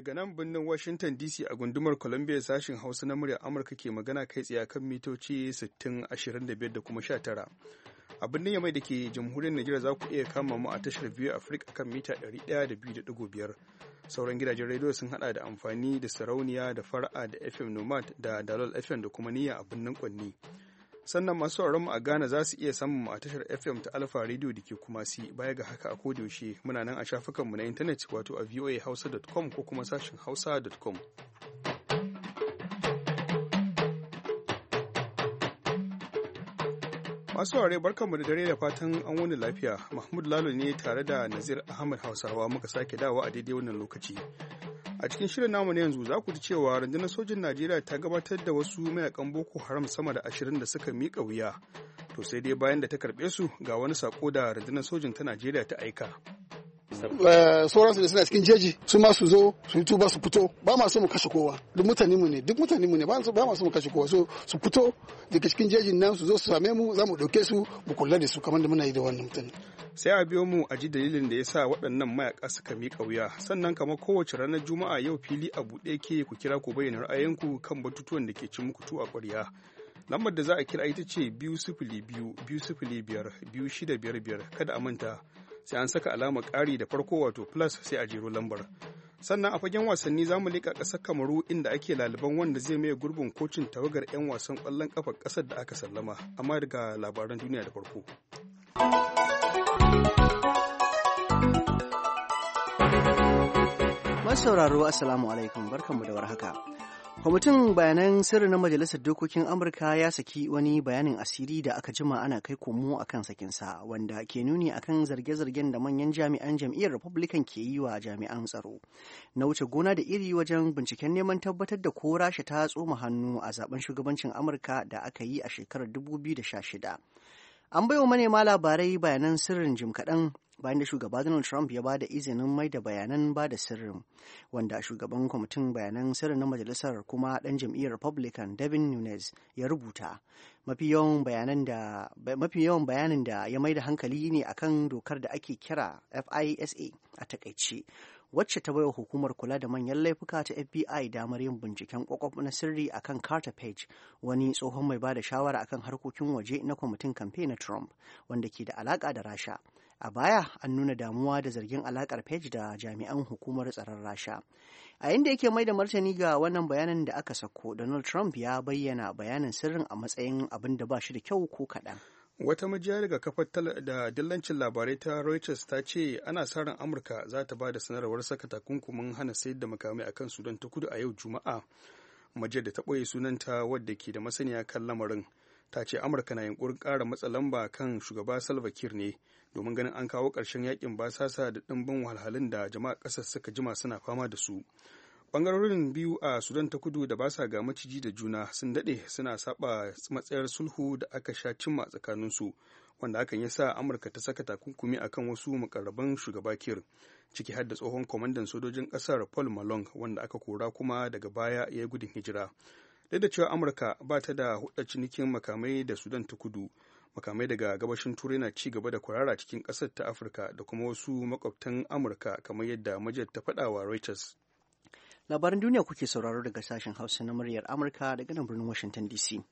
Daga nan birnin Washington DC a gundumar Columbia sashen Hausa na muryar Amurka ke magana kai tsaye kan mitoci 625 da kuma 19. a birnin yamai da ke jamhuriyar Najeriya za ku iya kama mu a tashar biyu Afirka kan mita 102.5 sauran gidajen rediyo sun hada da amfani da sarauniya da fara'a da FM Nomad da Dalol FM da kuma niyya a birnin Kwanni. sannan masu mu a Ghana za su iya samun a tashar FM ta Alpha Radio da ke kuma si baya ga haka a yaushe muna nan a shafukanmu na intanet wato a voahausa.com ko kuma sashin hausa.com. masu ware barkanmu da dare da fatan an wani lafiya mahmud lalo ne tare da nazir ahmad hausawa muka sake dawa a daidai wannan lokaci a cikin shirin namu na yanzu za ku ji cewa rundunar sojin najeriya ta gabatar da wasu mayakan boko haram sama da ashirin da suka miƙa wuya to sai dai bayan da ta karɓe su ga wani sako da rundunar sojin ta najeriya ta aika Eh, sauransu da suna cikin jeji su ma su zo su yi tuba su fito ba ma so mu kashe kowa duk mutane mu ne duk mutane mu ne ba ma so mu kashe kowa so su fito daga cikin jejin nan su zo su same mu za mu ɗauke su mu kula da su kamar da muna yi da wannan mutane. sai a biyo mu a ji dalilin da ya sa waɗannan mayaka suka miƙa wuya sannan kamar kowace ranar juma'a yau fili a buɗe ke ku kira ku bayyana ra'ayinku kan batutuwan da ke cin muku tu a ƙwarya lambar da za a kira ita ce biyu sifili biyu biyu sifili biyar biyu shida biyar biyar kada a manta sai an saka alamar ƙari da farko wato plus sai a jero lambar sannan a fagen wasanni za mu leƙa ƙasar kamaru inda ake laliban wanda zai maye gurbin kocin tawagar 'yan wasan ƙwallon ƙafar ƙasar da aka sallama amma daga labaran duniya da farko masauraro assalamu alaikum barkanmu da warhaka kwamitin bayanan sirri na majalisar dokokin amurka ya saki wani bayanin asiri da aka jima ana kai komo a kan sakinsa wanda ke nuni a kan zarge-zargen da manyan jami'an jam'iyyar republican ke yi wa jami'an tsaro na wuce gona da iri wajen binciken neman tabbatar da ko rasha ta tsoma hannu a zaben shugabancin amurka da aka yi a shekarar 2016 an baiwa manema labarai bayanan sirrin jim kaɗan bayan da shugaba Donald Trump ya ba da izinin mai da bayanan ba da sirrin wanda shugaban kwamitin bayanan sirrin na majalisar kuma dan jam'iyyar Republican Devin Nunes ya rubuta. Mafi yawan bayanin da ya mai da hankali ne akan dokar da ake kira FISA a takaice. wacce ta baiwa hukumar kula da manyan laifuka ta FBI damar yin binciken kwakwaf na sirri akan Carter Page, wani tsohon mai bada shawara akan harkokin waje na kwamitin kamfe na Trump, wanda ke da alaka da Rasha, a baya an nuna damuwa da zargin alakar page da jami'an hukumar tsaron rasha a da yake mai da martani ga wannan bayanin da aka sako donald trump ya bayyana bayanin sirrin a matsayin abin da ba shi da kyau ko kaɗan wata majiya daga kafar da dillancin labarai ta reuters ta ce ana sa ran amurka za ta ba da sanarwar saka takunkumin hana sayar da makamai akan sudan ta kudu a yau juma'a majiyar da ta ɓoye sunanta wadda ke da masaniya kan lamarin ta ce amurka na yunkurin ƙara matsa lamba kan shugaba salva kiir ne domin ganin an kawo ƙarshen yakin basasa da ɗimbin wahalhalun da jama'a ƙasar suka jima suna fama da su bangarorin biyu a sudan ta kudu da basa ga maciji da juna sun daɗe suna saba matsayar sulhu da aka sha cimma tsakanin su wanda hakan ya sa amurka ta saka takunkumi akan wasu mukarraban shugaba kir ciki har da tsohon kwamandan sojojin ƙasar paul malong wanda aka kora kuma daga baya ya yi gudun hijira duk da cewa amurka ba ta da huɗa cinikin makamai da sudan ta kudu makamai daga gabashin turai na ci gaba da kwarara cikin ƙasar ta afirka da kuma wasu makwabtan amurka kamar yadda majiyar ta faɗa wa reuters labaran duniya kuke sauraro daga sashen hausa na muryar amurka daga nan birnin washington dc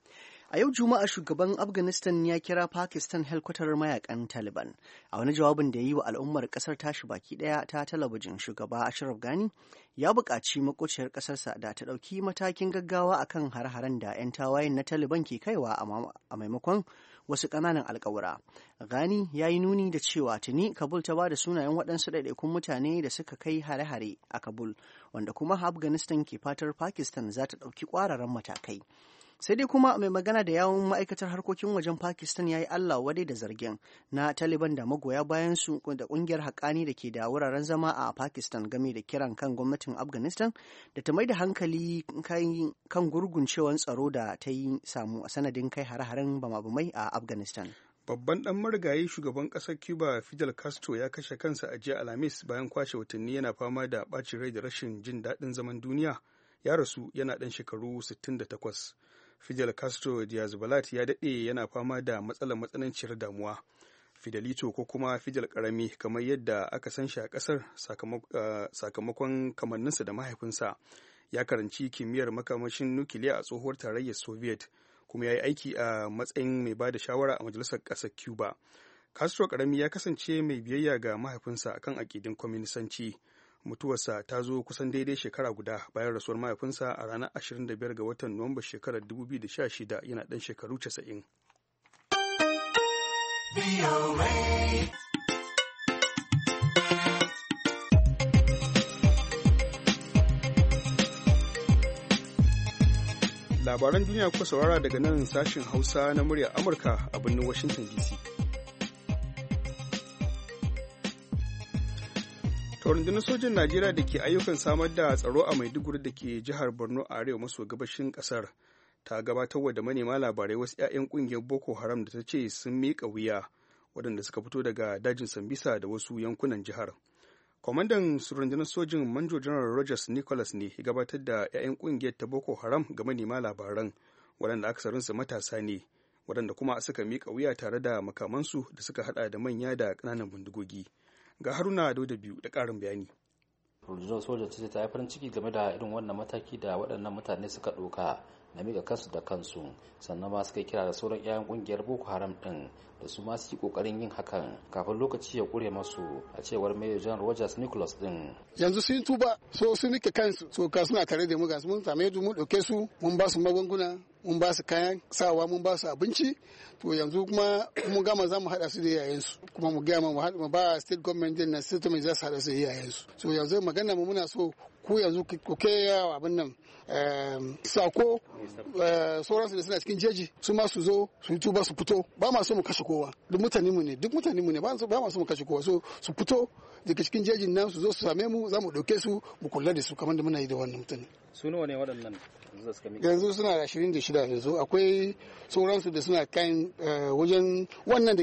a yau juma'a shugaban afghanistan ya kira pakistan helkwatar mayakan taliban a wani jawabin da ya yi wa al'ummar kasar tashi baki daya ta talabijin shugaba ashraf gani ya buƙaci makociyar kasarsa da ta ɗauki matakin gaggawa akan har-haren da 'yan tawayen na taliban ke kaiwa a maimakon wasu ƙananan alkawura. Gani ya yi nuni da cewa tuni Kabul ta ba da sunayen waɗansu ɗaiɗaikun mutane da suka kai hare-hare a Kabul, wanda kuma Afghanistan ke fatar Pakistan za ta ɗauki ƙwararren matakai. sai dai kuma mai magana da yawon ma'aikatar harkokin wajen pakistan ya yi allah wadai da zargin na taliban da magoya bayan su da kungiyar haƙani da ke da wuraren zama a pakistan game da kiran kan gwamnatin afghanistan da ta mai da hankali kan gurguncewan tsaro da ta yi samu a sanadin kai hare-haren bama a afghanistan babban dan marigayi shugaban kasar cuba fidel castro ya kashe kansa a jiya alhamis bayan kwashe watanni yana fama da bacin rai da rashin jin daɗin zaman duniya ya rasu yana dan shekaru 68 fidel castro diaz balat ya daɗe yana fama da matsalar matsananciyar damuwa fidelito ko kuma fidel karami kamar yadda aka san shi a ƙasar sakamakon kamanninsa da mahaifinsa ya karanci kimiyyar makamashin nukiliya a tsohuwar tarayyar soviet kuma ya yi aiki a matsayin mai ba da shawara a majalisar ƙasar cuba castro karami ya kasance mai biyayya ga mahaifinsa akan aƙidin kwaminisanci mutuwarsa ta zo kusan daidai shekara guda bayan rasuwar mahaifinsa a ranar 25 ga watan nuwamba shekarar 2016 yana ɗan shekaru 90. Labaran duniya kuka saurara daga nan sashin Hausa na muryar Amurka a birnin Washington DC. rundunar sojin najeriya da ke ayyukan samar da tsaro a maiduguri da ke jihar borno a arewa maso gabashin kasar ta gabatar da manema labarai wasu 'ya'yan kungiyar boko haram da ta ce sun miƙa wuya waɗanda suka fito daga dajin sambisa da wasu yankunan jihar kwamandan rundunar sojin manjo general rogers nicholas ne ya gabatar da 'ya'yan kungiyar ta boko haram ga manema labaran waɗanda su matasa ne waɗanda kuma suka miƙa wuya tare da makamansu da suka haɗa da manya da ƙananan bindigogi. ga haruna da biyu da karin bayani rundunar sojan ce ta yi farin ciki game da irin wannan mataki da waɗannan mutane suka ɗauka na miƙa kansu da kansu sannan ma suka kira da sauran 'ya'yan ƙungiyar boko haram ɗin da su ma yi ƙoƙarin yin hakan kafin lokaci ya ƙure masu a cewar mayor john rogers nicholas ɗin yanzu sun tuba so sun rike kansu so ka suna tare da mu ga mun same su mun ɗauke su mun ba su magunguna mun ba su kayan sawa mun ba su abinci to yanzu kuma mun gama za mu haɗa su da su kuma mu gama mu ba state government din na state mai za su haɗa su da su so yanzu magana mu muna so ku yanzu ku ke abin nan ehm, sako eh, sauransu da suna cikin jeji su ma su zo su yi tuba su fito ba ma so mu kashe kowa duk mutane mu ne duk mutane mu ne ba ma so mu kashe kowa so su fito daga cikin jejin nan su zo su same mu za mu ɗauke su mu kula da su kamar da muna yi da wannan mutane su nawa ne waɗannan yanzu suna da ashirin da shida yanzu akwai sauransu da suna kan eh, wajen wannan da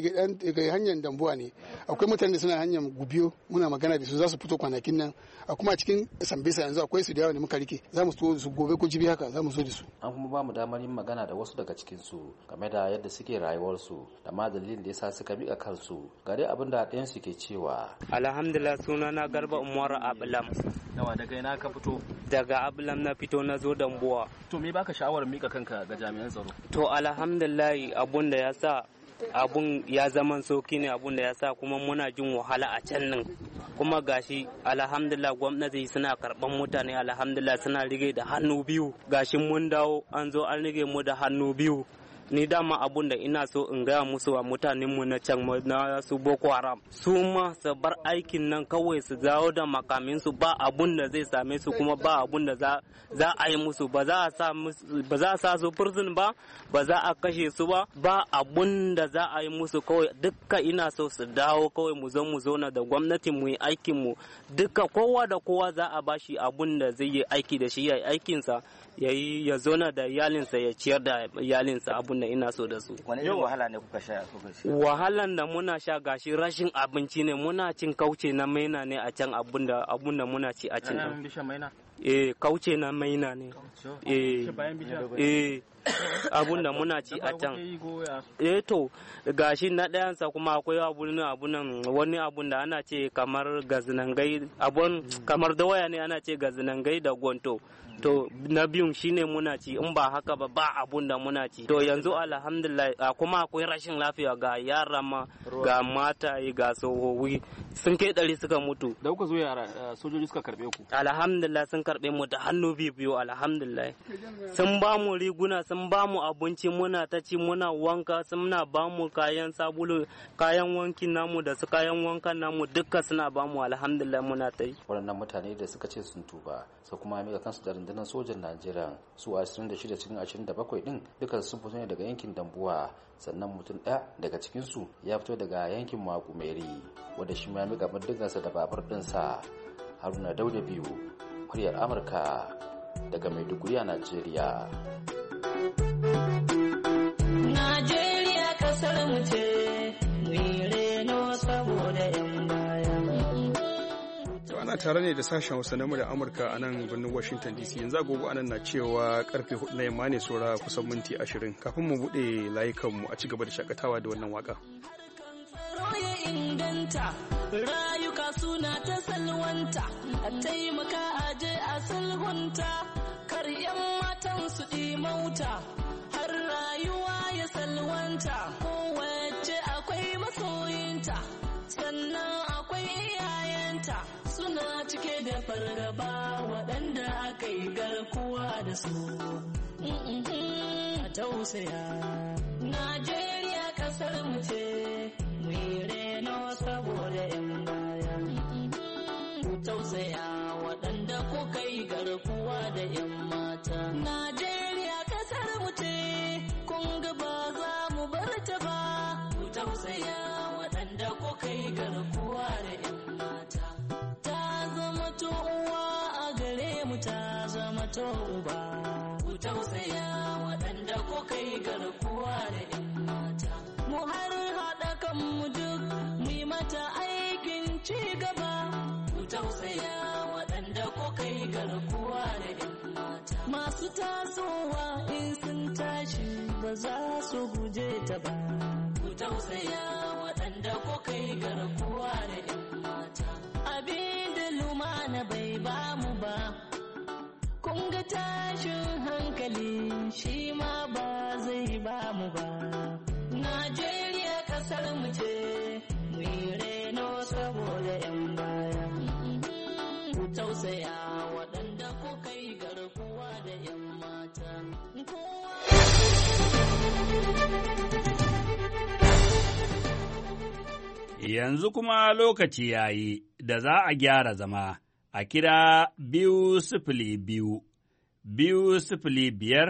daga hanyar dambuwa ne akwai mutane da suna hanyar gubiyo muna magana da su za su fito kwanakin nan a kuma cikin sambisa yanzu akwai su da yawa da muka rike za mu so su gobe ko jibi haka za mu so da su an kuma ba mu damar yin magana da wasu daga cikin su game da yadda suke rayuwarsu da ma dalilin da yasa suka miƙa kansu ga abin da ɗayan su ke cewa alhamdulillah sunana garba umar abulam Yawa daga ina ka fito? Daga Abulam na fito na zo Dambuwa. To me baka sha'awar mika kanka ga jami'an tsaro? To alhamdulillah abun da ya sa abun ya zaman sauki ne abun da ya sa kuma muna jin wahala a can nan kuma gashi alhamdulillah gwamnati suna karban mutane alhamdulillah suna rige da hannu biyu gashin mun dawo an zo an rige mu da hannu biyu ni dama abun da ina so in gaya musu wa mutanen mu na can na su boko haram su ma su bar aikin nan kawai su dawo da makaminsu ba abun da zai same su kuma ba abun da za a yi musu ba za a sa su prison ba ba za a kashe su ba ba abun da za a yi musu kawai dukka ina so su dawo kawai mu zo mu zauna da gwamnati mu yi aikin mu dukka kowa da kowa za a bashi abun da zai yi aiki da shi ya aikinsa ya zauna da iyalinsa ya ciyar da iyalinsa abun da ina so da su wani irin wahala ne kuka sha wahalan da muna sha gashi rashin abinci ne muna cin kauce na maina ne a can abun da abun da muna ci a cin eh kauce na maina ne eh eh abun da muna ci a can eh to gashi na ɗayansa kuma akwai abun abunan wani abun da ana ce kamar gazinangai abun kamar waya ne ana ce gazinangai da gonto to na biyun shine muna ci in ba haka ba ba abun da muna ci to yanzu alhamdulillah kuma akwai rashin lafiya ga yara ma ga mata ga tsohohi sun kai ɗari suka mutu da kuka zo yara eh, sojoji suka karbe ku alhamdulillah sun karbe mu da hannu biyu biyu alhamdulillah sun ba mu riguna sun ba mu abinci muna ta ci muna wanka sun na ba mu kayan sabulu kayan wankin namu da su kayan wankan namu dukka suna ba mu alhamdulillah muna ta yi waɗannan mutane da suka ce sun tuba sai kuma mika kansu da rundunar sojan najeriya su 26 cikin 27 din dukkan sun fito ne daga yankin dambuwa sannan mutum ɗaya daga cikinsu ya fito daga yankin makumeri wanda shi ma ya miƙa bindigarsa da babur ɗinsa haruna dauda biyu kuryar amurka daga maiduguri a najeriya ana tare ne da sashen Hausa na murya Amurka a nan birnin Washington DC yanzu agogo anan na cewa karfe 4 na yamma ne saura kusan minti 20 kafin mu bude layukanmu a ci gaba da shakatawa da wannan waka. Rayuka suna ta salwanta, a taimaka aje a sulhunta, kar 'yan matan su mauta, har rayuwa ya salwanta, kowace akwai masoyinta, sannan akwai iyayenta. suna cike da fargaba waɗanda aka yi garkuwa da su a tausaya najeriya ƙasar mu ce mu reno saboda 'yan baya ku tausaya waɗanda kuka yi garkuwa da 'yan mata fito ku tausaya waɗanda ku kai garkuwa da yan mata mu har haɗa kan mu duk mu yi mata aikin ci gaba ku tausaya waɗanda ku kai garkuwa da yan mata masu tasowa in sun tashi ba za su guje ta ba ku tausaya shi ma ba zai ba mu ba. Najeriya kasar mu ce, mu yi reno saboda 'yan baya. Ku tausaya waɗanda kuka yi garkuwa da 'yan mata. Yanzu kuma lokaci ya yi da za a gyara zama a kira biyu sifili biyu, biyu sifili biyar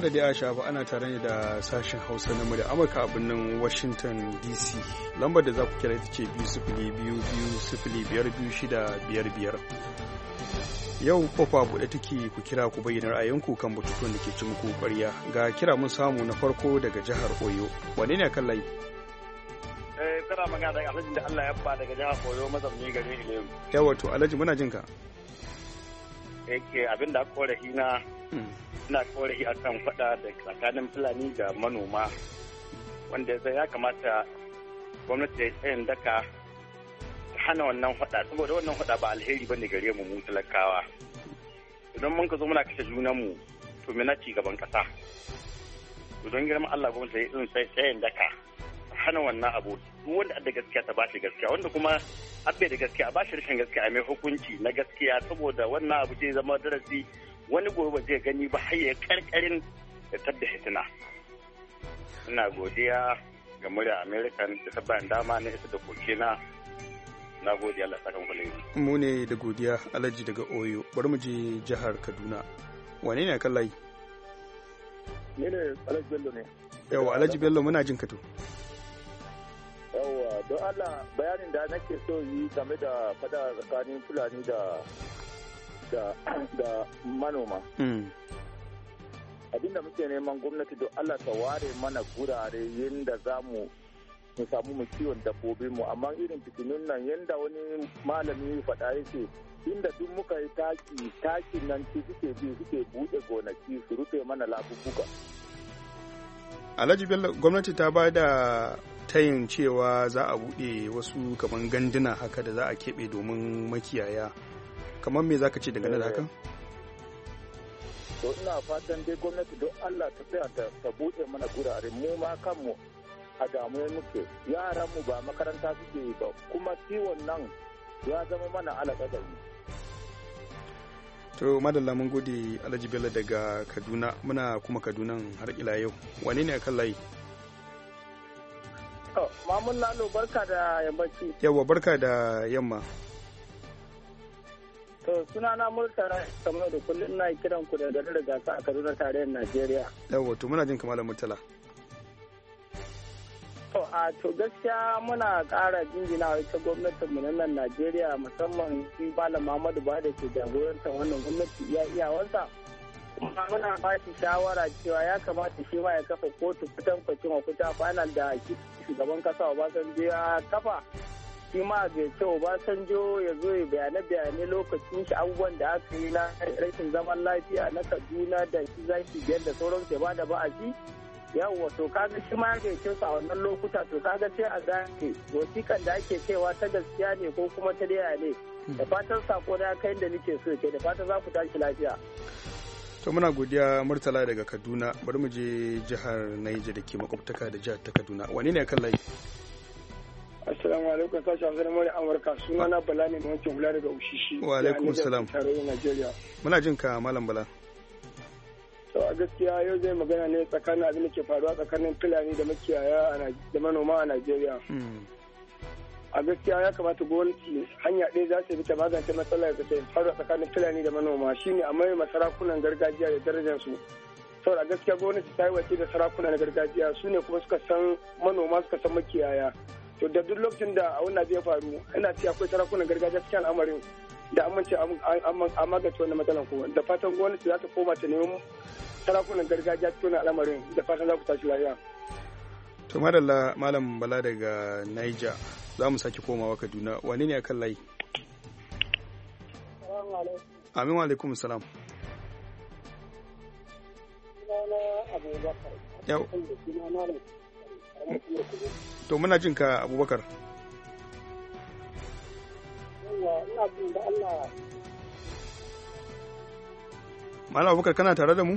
kada da ya shafa ana tare ne da sashen hausa na da amurka a birnin washington dc lambar da za ku kira ita ce biyar biyar yau kofa buɗe take ku kira ku bayyana ra'ayinku kan batutuwan da ke ci muku ƙwarya ga kira mun samu na farko daga jihar oyo wane ne kan layi eh, kana magana daga alhaji da Allah ya ba daga jihar oyo mazamni gari ne yawa to alhaji muna jin ka yake abin da korafi na hmm. ina korafi kan fada da tsakanin fulani da manoma wanda ya kamata gwamnati ya tsayin daka hana wannan fada saboda wannan fada ba alheri bane gare mu mu talakawa idan mun ka zo muna kashe junan mu to me na ci gaban kasa to don girman Allah gwamnati ya tsayin daka hana wannan abu duk wanda da gaskiya ta bashi gaskiya wanda kuma abbe da gaskiya bashi rashin gaskiya mai hukunci na gaskiya saboda wannan abu zai zama darasi wani gobe zai gani ba har ya karkarin da tadda hitina ina godiya ga murya american da ta bayan dama na isa da koke na godiya Allah sakan kullu mu ne da godiya alhaji daga oyo bari mu je jihar kaduna wane ne kallai layi ne ne alhaji bello ne yawa alhaji bello muna jin ka to don Allah bayanin da nake so yi game da fada tsakanin Fulani da manoma. manoma. Abinda muke neman gwamnati don Allah ta ware mana gurare yadda za mu mu samu mu kiwon dabbobin mu amma irin fitinun nan yadda wani malami faɗa yake inda duk muka yi taki takin nan ci suke bi suke buɗe gonaki su rufe mana labubuka. Alhaji Bello gwamnati ta ba da tayin cewa za a buɗe wasu kamar ganduna haka da za a keɓe domin makiyaya kamar me za ka ce dangane da hakan? to ina fatan dai gwamnati don allah ta tsaya ta buɗe mana gurare mu ma kanmu a damuwa muke yaranmu ba makaranta suke yi ba kuma ciwon nan ya zama mana alaƙaƙari to madalla mun gode alhaji bello daga kaduna muna kuma kadunan har ila yau wane ne a kan layi Mamun Lalo barka da yammaci. Yawwa barka da yamma. To suna na Murtala kamar da kullum na kiran ku da garin gasa a Kaduna tarayyar Najeriya. Yawwa to muna jin kamar Murtala. To a to gaskiya muna ƙara jinjina ita gwamnatin mu nan Najeriya musamman shi Bala Muhammadu Buhari da ke jagorantar wannan gwamnati iya iyawarsa. kuma muna ba shi shawara cewa ya kamata shi ma ya kafa kotu kutan kwacin wa kuta final da shugaban kasa Obasanjo ya kafa shi ma ga ce Obasanjo ya zo ya bayane bayane lokacin shi abubuwan da aka yi na rashin zaman lafiya na Kaduna da shi zaki biyar da sauran ke ba da shi yawwa to kaga shi ma ga ce a wannan lokuta to kaga sai a zaki wasiƙan da ake cewa ta gaskiya ne ko kuma ta daya ne da fatan sako na kai da nake so ke da fatan za ku tashi lafiya to muna godiya murtala daga kaduna bari mu je jihar naija da ke makwabtaka da jihar ta kaduna wani ne kan layi assalamu alaikum sashi hamsa na mawani amurka suna na ah. bala ne da wancan hula daga ushishi wa alaikum salam muna jin ka malam bala to a gaskiya yau zai magana ne tsakanin abin da ke faruwa tsakanin fulani da makiyaya da manoma a najeriya hmm. a gaskiya ya kamata gwamnati hanya ɗaya za ta bi ta magance matsalar da ta faru tsakanin fulani da manoma shine a mai sarakunan gargajiya da darajarsu saboda gaskiya gwamnati ta yi wace da sarakunan gargajiya su ne kuma suka san manoma suka san makiyaya to da duk lokacin da a wannan zai faru ina ce akwai sarakunan gargajiya cikin al'amarin da amince a magance wannan matsalar ko da fatan gwamnati za ta koma ta neman sarakunan gargajiya cikin al'amarin da fatan za ku tashi lafiya. to madalla malam bala daga niger za mu sake komawa kaduna wani ne akan layi amin wa alaikum salam to muna jin ka abubakar Malam Abubakar kana tare da mu?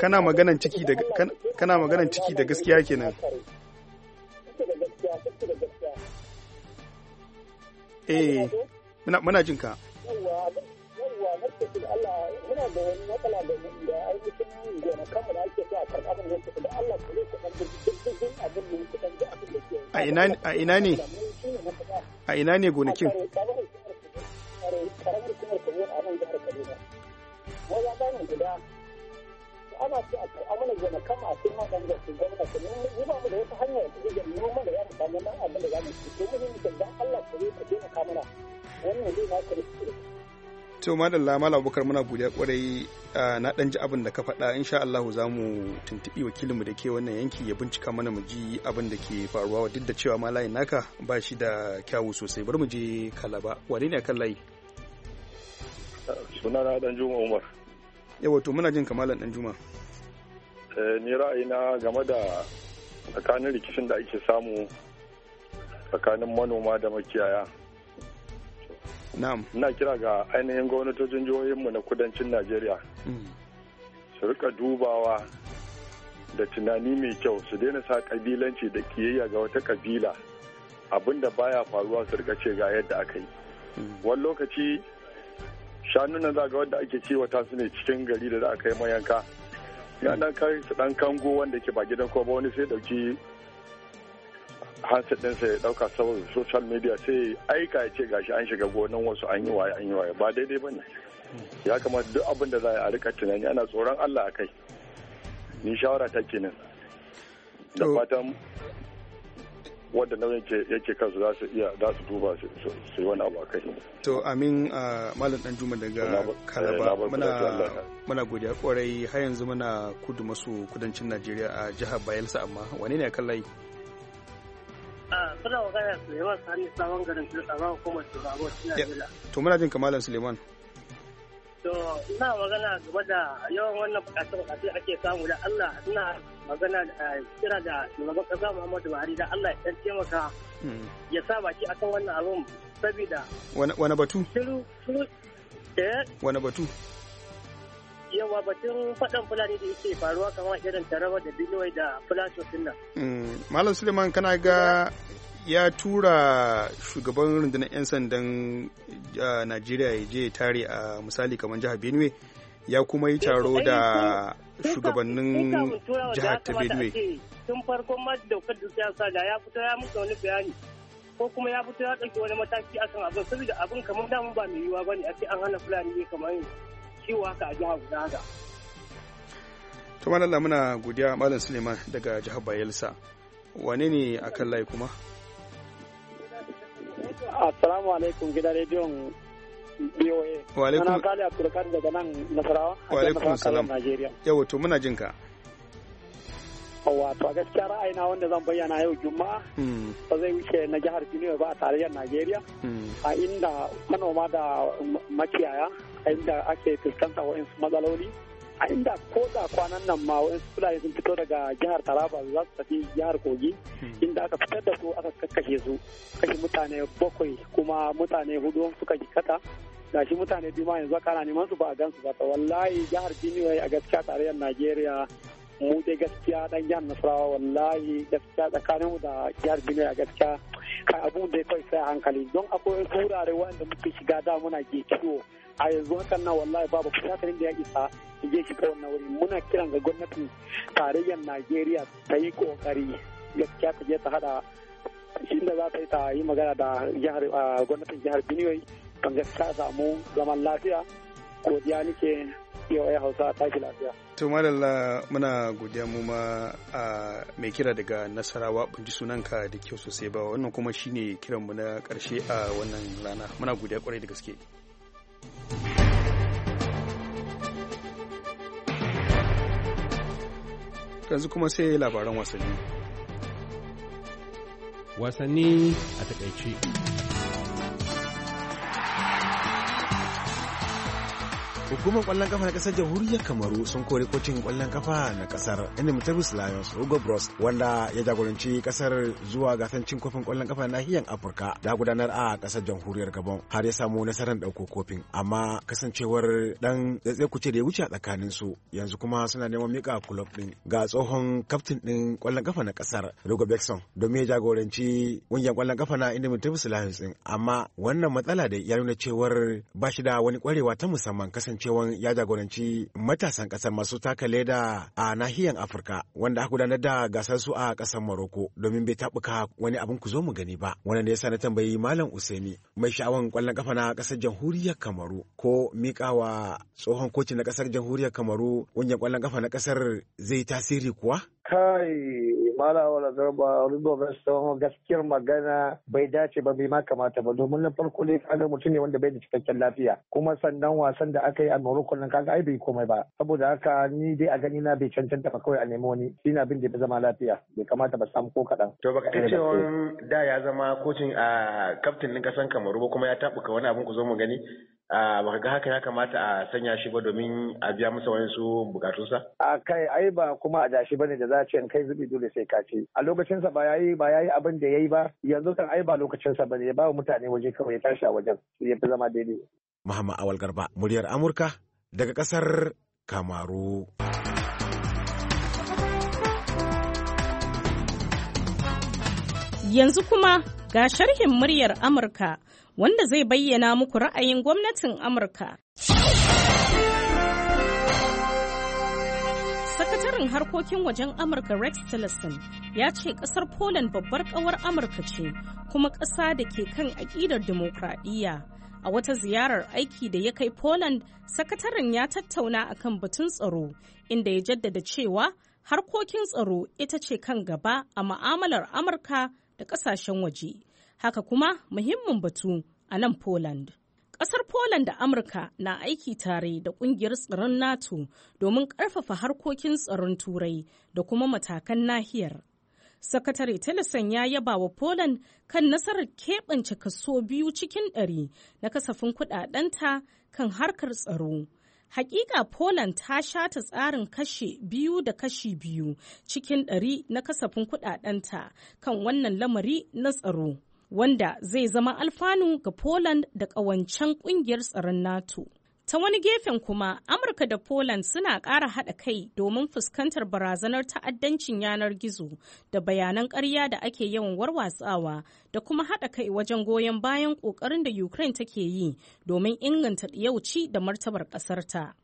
kana maganan ciki da gaskiya kenan eh muna muna jin ka a ina ne gonakin madalla Lamala abubakar muna godiya kwarai ah, na dan ji abin da ka faɗa insha Allah za mu tuntubi wakilinmu da ke wannan yanki ya bincika mana mu ji abin da ke faruwa duk da cewa ma layin naka ba shi da kyawu sosai bari mu je kalaba wane ne kan layi suna na dan juma umar yawa to muna jin kamalan dan juma eh, ni na game da tsakanin rikicin da ake samu tsakanin manoma da makiyaya Ina kira ga ainihin gwamnatocin jihohinmu na kudancin Najeriya. Hmm. Su rika dubawa da tunani mai kyau su daina sa kabilanci da kiyayya ga wata kabila abinda baya faruwa su rika ce ga yadda aka yi. Hmm. Wani lokaci shanunan ga wanda ake kiwata su ne cikin gari da za a kai mayanka. ya hmm. kai su dan kango wanda ke ba gidan ko ba wani sai dauki hansa ɗinsa ya ɗauka saboda social media sai aika ya ce gashi an shiga gonan wasu an yi waye an yi waye ba daidai ba ne ya kamata duk abin da za a rika tunani ana tsoron allah a kai ni shawara ta kenan da fatan wadda na yake kansu za su iya za su duba su yi wani abu a kai to amin uh, malam dan juma daga kalaba eh, muna godiya kwarai har yanzu muna kudu maso kudancin najeriya a jihar bayelsa amma wane ne a kan layi Suna magana Suleiman Sani sabon garin hukumar suna jira. jin kamalan Suleiman. To magana game da yawan wannan ake samu da Allah ina magana da eh, da shugaban kasa Muhammadu Buhari da Allah ya taimaka hmm. ya baki akan wannan abun Wani batu? Shiru, eh? batu? yawa batun faɗan fulani da yake faruwa kamar irin taraba da binuwai da filato nan. Mm, malam suleiman kana ga ya tura shugaban rundunar 'yan sandan najeriya ya je tare a misali kamar jihar benue ya kuma yi eh, taro eh, da shugabannin jihar ta benue tun farko ma da dukiya sa da ya fito ya muka wani bayani ko kuma ya fito ya ɗauki wani mataki akan abin saboda abin kamar damu ba mai yiwuwa bane a ce an hana fulani ne kamar ciwo haka a jihar guda to malalla muna godiya malam suleiman daga jihar bayelsa wane ne akan layi kuma assalamu alaikum gidan rediyon BOA. Wa alaikum. Ana kali Abdulkar daga nan Nasarawa. Wa alaikum salam. Yawa to muna jinka. Wato a gaskiya ra'ayina wanda zan bayyana yau Juma'a hmm. ba zai wuce na jihar Benue ba a tarayyar Najeriya. Hmm. A inda manoma da makiyaya inda ake fuskanta wa'insu matsaloli a inda ko da kwanan nan ma wa'insu fulani sun fito daga jihar taraba za su tafi jihar kogi hmm. inda aka fitar da su aka kakkashe su kashe mutane bakwai kuma mutane hudu suka jikata ga shi mutane biyu ma yanzu kana neman su ba a gansu ba wallahi jihar benue a gaskiya tarayyar najeriya mu dai gaskiya dan jihar nasarawa wallahi gaskiya tsakaninmu da jihar benue a gaskiya ka abun da ya kai sai hankali don akwai wurare wanda muke shiga da muna ke kiwo a yanzu hakan na wallahi babu kusasarin da ya isa je shiga wannan wuri muna kiran ga gwamnatin tarayyar najeriya ta yi kokari gaskiya ta je ta hada shi da za ta yi ta yi magana da gwamnatin jihar benue kan gaskiya samu zaman lafiya godiya nake BOA Hausa a tashi lafiya. To Malalla muna godiya mu a mai kira daga Nasarawa ban ji sunanka da kyau sosai ba wannan kuma shine kiran mu na karshe a wannan rana muna godiya kwarai da gaske. Yanzu kuma sai labaran wasanni. Wasanni a takaice. hukumar kwallon kafa na kasar jamhuriyar kamaru sun kori kocin kwallon kafa na kasar indomitabus lions hugo bros wanda ya jagoranci kasar zuwa gasan cin kofin kwallon kafa na nahiyar afirka da gudanar a kasar jamhuriyar gabon har ya samu nasarar ɗauko kofin amma kasancewar dan tsatsai kuce da ya wuce a tsakanin su yanzu kuma suna neman mika kulob din ga tsohon kaftin din kwallon kafa na kasar rugo bekson domin ya jagoranci kungiyar kwallon kafa na indomitabus lions din amma wannan matsala da ya nuna cewar ba shi da wani kwarewa ta musamman kasance kasancewan ya jagoranci matasan kasar masu taka leda a nahiyar afirka wanda aka gudanar da gasar su a kasar maroko domin bai taɓuka wani abin ku zo mu gani ba wannan ne yasa na tambayi malam usaini mai sha'awan kwallon kafa na kasar jamhuriyar kamaru ko miƙawa tsohon kocin na kasar jamhuriyar kamaru ƙungiyar kwallon kafa na kasar zai tasiri kuwa kai wala zarba rubo gaston gaskiyar magana bai dace ba bai ma kamata ba domin na farko ne kaga mutum ne wanda bai da cikakken lafiya kuma sannan wasan da aka yi a Morocco nan kaga ai bai komai ba saboda haka ni dai a gani na bai cancanta ba kawai a nemi wani ina bin da zama lafiya bai kamata ba samu ko kaɗan. to baka ce cewa da ya zama kocin a ah, kaftin ɗin kasan Kamaru kuma ya tabuka wani abin ku zo mu gani baka ga haka ya kamata a sanya shi ba domin a biya masa wayansu bukatunsa? A kai ai ba kuma a dashi bane da za a ce in kai zubi dole sai ka ce. A lokacinsa ba yayi ba yayi abin da yayi ba yanzu kan ai ba lokacinsa bane ya ba mutane waje kawai ya tashi a wajen ya fi zama daidai. Muhammad Awal Garba muryar Amurka daga kasar Kamaru. Yanzu kuma ga sharhin muryar Amurka wanda zai bayyana muku ra'ayin gwamnatin Amurka. Sakataren harkokin wajen Amurka Rex Tillerson ya ce ƙasar Poland babbar ƙawar Amurka ce kuma ƙasa da ke kan aƙidar dimokuraɗiyya. a wata ziyarar aiki da ya kai poland sakataren ya tattauna akan batun tsaro inda ya jaddada cewa harkokin tsaro ita ce kan gaba a ma'amalar amurka da kasashen waje haka kuma muhimmin batu a nan Poland. Ƙasar Poland da Amurka na aiki tare da ƙungiyar tsaron NATO domin ƙarfafa harkokin tsaron Turai da kuma matakan nahiyar. Sakatare Tillerson ya yaba wa Poland kan nasarar keɓance kaso biyu cikin ɗari na kasafin kuɗaɗenta kan harkar tsaro. Hakika Poland ta shata tsarin kashe biyu da kashi biyu cikin ɗari na kasafin kuɗaɗenta kan wannan lamari na tsaro. wanda zai zama alfanu ga Poland da ƙawancen ƙungiyar tsaron NATO. Ta wani gefen kuma, Amurka da Poland suna ƙara haɗa kai domin fuskantar barazanar ta'addancin yanar gizo da bayanan ƙarya da ake yawan warwatsawa da kuma haɗa kai wajen goyon bayan ƙoƙarin da Ukraine take yi domin inganta yauci da martabar ƙasarta.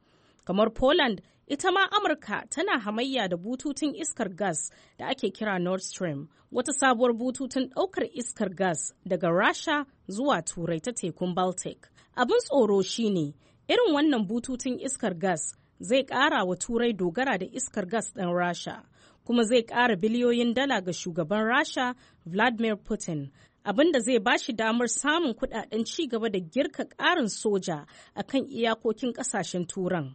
Kamar Poland, ita ma Amurka tana hamayya da bututun iskar gas da ake kira Nord Stream, wata sabuwar bututun ɗaukar iskar gas daga Rasha zuwa Turai ta tekun Baltic. Abin tsoro shine irin wannan bututun iskar gas zai ƙara wa Turai dogara da iskar gas ɗin Rasha, kuma zai ƙara biliyoyin dala ga shugaban Rasha Vladimir Putin. abin da zai bashi damar samun kudaden ci gaba da girka karin soja a kan iyakokin kasashen turan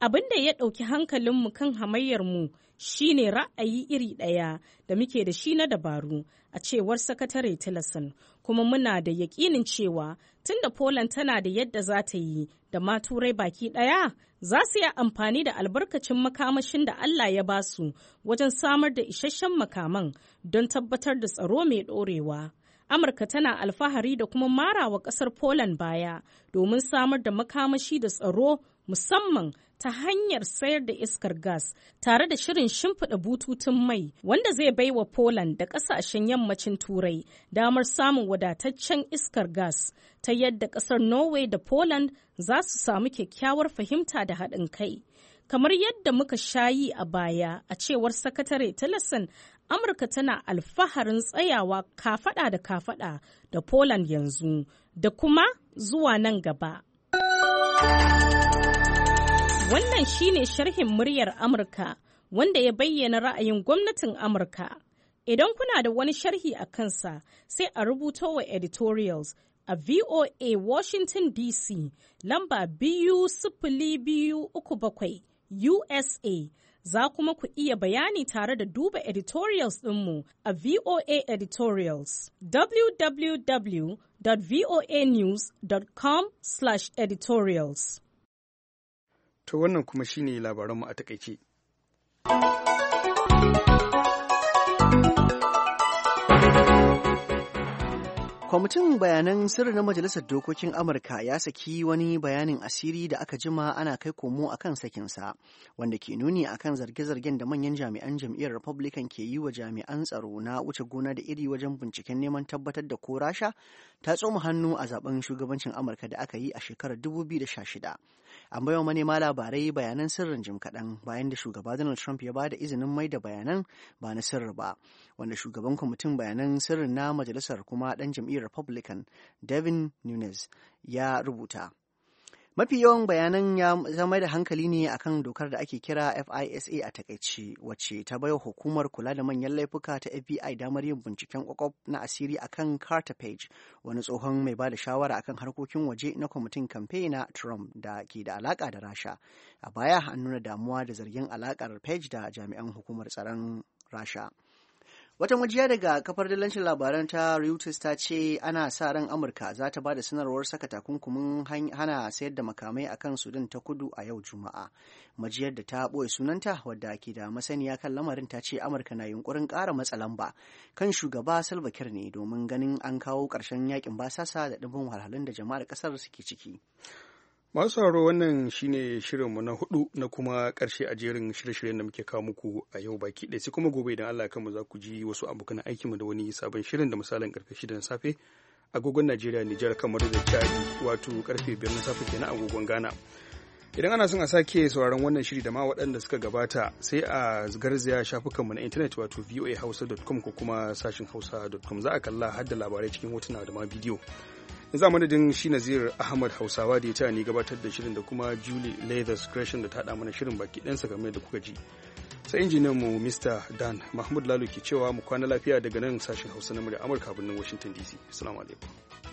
Abin da ya ɗauki hankalinmu kan hamayyar mu shine ra'ayi iri ɗaya da muke da shi na dabaru, a cewar Sakatare Tillerson, kuma muna da yaƙinin cewa tunda Poland tana da yadda za ta yi da ma turai baki ɗaya za su yi amfani da albarkacin makamashin da Allah ya ba su wajen samar da isasshen makaman don tabbatar da tsaro mai ɗorewa. Amurka tana alfahari da kuma marawa ƙasar Poland baya domin samar da makamashi da tsaro musamman ta hanyar sayar da iskar gas tare da shirin shimfiɗa bututun mai wanda zai baiwa Poland da ƙasashen yammacin Turai damar samun wadataccen iskar gas ta yadda ƙasar Norway da Poland za su samu kyakkyawar fahimta da haɗin kai. Kamar yadda muka shayi a baya a cewar Sakatare Tillerson, Amurka tana alfaharin tsayawa kafaɗa da kafaɗa da Poland yanzu da kuma zuwa nan gaba. Wannan shi ne sharhin muryar Amurka wanda ya bayyana ra'ayin gwamnatin Amurka. Idan kuna da wani sharhi a kansa sai a rubuto wa editorials a VOA Washington DC lamba biyu sifili biyu uku bakwai USA za kuma ku iya bayani tare da duba editorials ɗinmu a VOA editorials www.voanews.com/editorials. To wannan kuma shine labaranmu a takaice. Kwamitin bayanan sirri na Majalisar Dokokin Amurka ya saki wani bayanin asiri da aka jima ana kai komo a kan sakinsa, wanda ke nuni a kan zarge-zargen da manyan jami'an jam'iyyar Republican ke yi wa jami'an tsaro na wuce gona da iri wajen binciken neman tabbatar da ko Rasha ta tsoma hannu a zaben shugabancin Amurka da aka yi a shekarar 2016. an baiwa manema labarai bayanan sirrin jim kaɗan bayan da shugaba donald trump ya ba da izinin mai da bayanan ba na sirri ba wanda shugaban kwamitin bayanan sirrin na majalisar kuma ɗan jam'iyyar republican devin nunes ya rubuta Mafi yawan bayanan ya zama da hankali ne akan dokar da ake kira FISA a takaice wacce ta baiwa hukumar kula da manyan laifuka ta FBI damar yin binciken kwakwaf na asiri akan Carter Page wani tsohon mai ba da shawara akan harkokin waje na kwamitin kamfe na Trump da ke da alaka da Rasha. A baya an nuna damuwa da zargin alakar Page da jami'an hukumar tsaron Rasha. Wata majiya daga kafar dalancin labaran ta Reuters ta ce ana sa ran Amurka za ta ba da sanarwar saka takunkumin hana sayar da makamai a kan Sudan ta kudu a yau Juma'a. Majiyar da ta ɓoye sunanta wadda ke da masaniya kan lamarin ta ce Amurka na yunkurin ƙara matsa lamba kan shugaba Salva Kiir ne domin ganin an kawo ƙarshen yakin basasa da ɗimbin wahalhalun da jama'ar ƙasar suke ciki. Masu sauraro wannan shine shirinmu na hudu na kuma karshe a jerin shirye-shiryen da muke kawo muku a yau baki ɗaya sai kuma gobe idan Allah kanmu za ku ji wasu abokan mu da wani sabon shirin da misalin karfe shida na safe agogon Najeriya Nijar kamar da Chadi wato karfe biyar na safe kenan agogon Ghana. Idan ana son a sake sauraron wannan shiri da ma waɗanda suka gabata sai a garzaya shafukanmu na intanet wato voahausa.com ko kuma sashin hausa.com za a kalla har da labarai cikin hotuna da ma bidiyo. za madadin shi nazir ahmad hausawa da ya ta ni gabatar da shirin da kuma julie leathers creation da ta haɗa mana shirin baki ɗansa game da kuka ji sai injiniyan mu mr dan mahmud lalu ke cewa mu kwana lafiya daga nan sashen hausa na murya amurka birnin washington dc assalamu alaikum